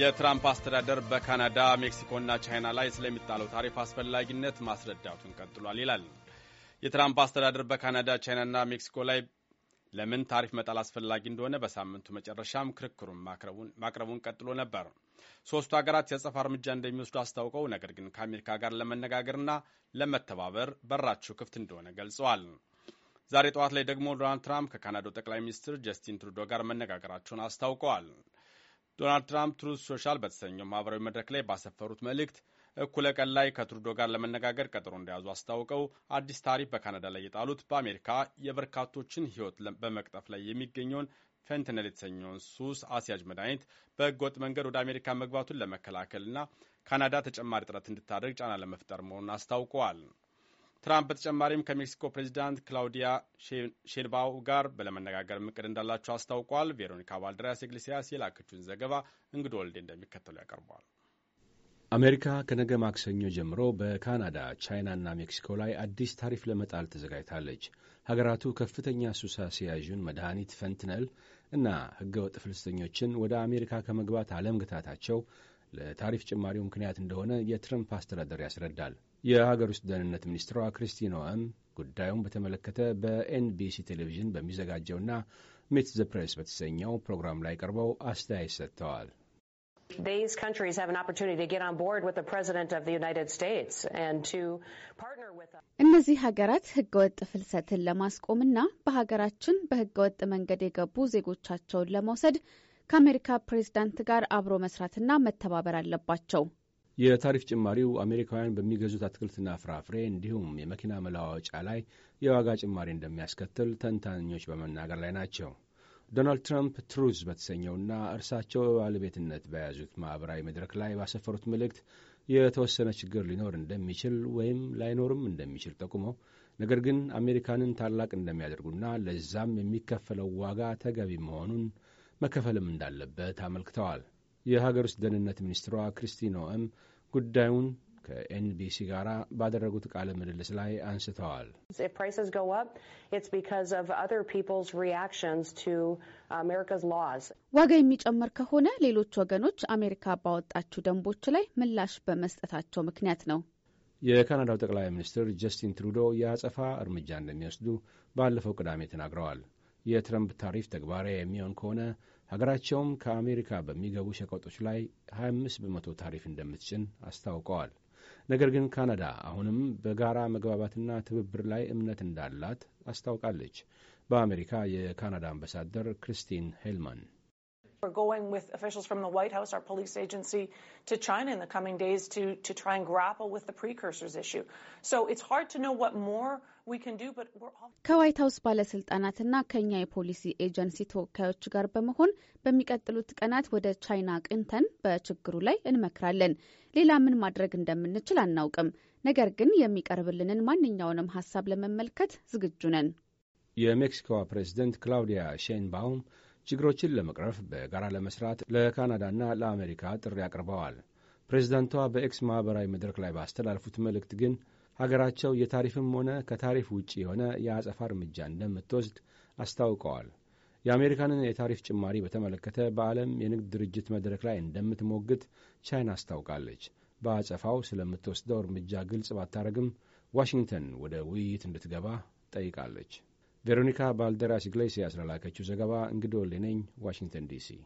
የትራምፕ አስተዳደር በካናዳ ሜክሲኮና ቻይና ላይ ስለሚጣለው ታሪፍ አስፈላጊነት ማስረዳቱን ቀጥሏል ይላል። የትራምፕ አስተዳደር በካናዳ ቻይናና ሜክሲኮ ላይ ለምን ታሪፍ መጣል አስፈላጊ እንደሆነ በሳምንቱ መጨረሻም ክርክሩን ማቅረቡን ቀጥሎ ነበር። ሶስቱ ሀገራት የጸፋ እርምጃ እንደሚወስዱ አስታውቀው፣ ነገር ግን ከአሜሪካ ጋር ለመነጋገርና ለመተባበር በራቸው ክፍት እንደሆነ ገልጸዋል። ዛሬ ጠዋት ላይ ደግሞ ዶናልድ ትራምፕ ከካናዳው ጠቅላይ ሚኒስትር ጀስቲን ትሩዶ ጋር መነጋገራቸውን አስታውቀዋል። ዶናልድ ትራምፕ ትሩዝ ሶሻል በተሰኘው ማህበራዊ መድረክ ላይ ባሰፈሩት መልእክት እኩለ ቀን ላይ ከትሩዶ ጋር ለመነጋገር ቀጠሮ እንደያዙ አስታውቀው አዲስ ታሪፍ በካናዳ ላይ የጣሉት በአሜሪካ የበርካቶችን ሕይወት በመቅጠፍ ላይ የሚገኘውን ፌንትነል የተሰኘውን ሱስ አስያዥ መድኃኒት በህገወጥ መንገድ ወደ አሜሪካ መግባቱን ለመከላከልና ካናዳ ተጨማሪ ጥረት እንድታደርግ ጫና ለመፍጠር መሆኑን አስታውቀዋል። ትራምፕ በተጨማሪም ከሜክሲኮ ፕሬዚዳንት ክላውዲያ ሼንባው ጋር ለመነጋገር እቅድ እንዳላቸው አስታውቋል። ቬሮኒካ ባልደራስ ኤግሊሲያስ የላከችውን ዘገባ እንግዶ ወልዴ እንደሚከተሉ ያቀርበዋል። አሜሪካ ከነገ ማክሰኞ ጀምሮ በካናዳ ቻይናና ሜክሲኮ ላይ አዲስ ታሪፍ ለመጣል ተዘጋጅታለች። ሀገራቱ ከፍተኛ ሱስ አስያዡን መድኃኒት ፈንትነል እና ህገወጥ ፍልሰተኞችን ወደ አሜሪካ ከመግባት አለምግታታቸው ለታሪፍ ጭማሪው ምክንያት እንደሆነ የትረምፕ አስተዳደር ያስረዳል። የሀገር ውስጥ ደህንነት ሚኒስትሯ ክሪስቲ ኖአም ጉዳዩን በተመለከተ በኤንቢሲ ቴሌቪዥን በሚዘጋጀውና ሚት ዘ ፕሬስ በተሰኘው ፕሮግራም ላይ ቀርበው አስተያየት ሰጥተዋል። እነዚህ ሀገራት ህገወጥ ፍልሰትን ለማስቆምና በሀገራችን በህገወጥ መንገድ የገቡ ዜጎቻቸውን ለመውሰድ ከአሜሪካ ፕሬዝዳንት ጋር አብሮ መስራትና መተባበር አለባቸው። የታሪፍ ጭማሪው አሜሪካውያን በሚገዙት አትክልትና ፍራፍሬ እንዲሁም የመኪና መለዋወጫ ላይ የዋጋ ጭማሪ እንደሚያስከትል ተንታኞች በመናገር ላይ ናቸው። ዶናልድ ትራምፕ ትሩዝ በተሰኘውና እርሳቸው በባለቤትነት በያዙት ማኅበራዊ መድረክ ላይ ባሰፈሩት መልእክት የተወሰነ ችግር ሊኖር እንደሚችል ወይም ላይኖርም እንደሚችል ጠቁመው ነገር ግን አሜሪካንን ታላቅ እንደሚያደርጉና ለዛም የሚከፈለው ዋጋ ተገቢ መሆኑን መከፈልም እንዳለበት አመልክተዋል። የሀገር ውስጥ ደህንነት ሚኒስትሯ ክሪስቲ ኖኤም ጉዳዩን ከኤንቢሲ ጋር ባደረጉት ቃለ ምልልስ ላይ አንስተዋል። uh, ዋጋ የሚጨምር ከሆነ ሌሎች ወገኖች አሜሪካ ባወጣችው ደንቦች ላይ ምላሽ በመስጠታቸው ምክንያት ነው። የካናዳው ጠቅላይ ሚኒስትር ጀስቲን ትሩዶ የአጸፋ እርምጃ እንደሚወስዱ ባለፈው ቅዳሜ ተናግረዋል። የትረምፕ ታሪፍ ተግባራዊ የሚሆን ከሆነ ሀገራቸውም ከአሜሪካ በሚገቡ ሸቀጦች ላይ 25 በመቶ ታሪፍ እንደምትጭን አስታውቀዋል። ነገር ግን ካናዳ አሁንም በጋራ መግባባትና ትብብር ላይ እምነት እንዳላት አስታውቃለች። በአሜሪካ የካናዳ አምባሳደር ክሪስቲን ሄልማን We're going with officials from the White House, our police agency, to China in the coming days to, to try and grapple with the precursors issue. So it's hard to know what more we can do, but we're all... ከዋይት ሀውስ ባለስልጣናትና ከእኛ የፖሊሲ ኤጀንሲ ተወካዮች ጋር በመሆን በሚቀጥሉት ቀናት ወደ ቻይና ቅንተን በችግሩ ላይ እንመክራለን። ሌላ ምን ማድረግ እንደምንችል አናውቅም። ነገር ግን የሚቀርብልንን ማንኛውንም ሀሳብ ለመመልከት ዝግጁ ነን። የሜክሲኮዋ ፕሬዚደንት ክላውዲያ ሼንባውም ችግሮችን ለመቅረፍ በጋራ ለመስራት ለካናዳና ለአሜሪካ ጥሪ አቅርበዋል። ፕሬዝዳንቷ በኤክስ ማኅበራዊ መድረክ ላይ ባስተላለፉት መልእክት ግን ሀገራቸው የታሪፍም ሆነ ከታሪፍ ውጭ የሆነ የአጸፋ እርምጃ እንደምትወስድ አስታውቀዋል። የአሜሪካንን የታሪፍ ጭማሪ በተመለከተ በዓለም የንግድ ድርጅት መድረክ ላይ እንደምትሞግት ቻይና አስታውቃለች። በአጸፋው ስለምትወስደው እርምጃ ግልጽ ባታረግም ዋሽንግተን ወደ ውይይት እንድትገባ ጠይቃለች። ቬሮኒካ ባልደራስ ኢግሌሲያስ ለላከችው ዘገባ እንግዶ ወሌ ዋሽንግተን ዲሲ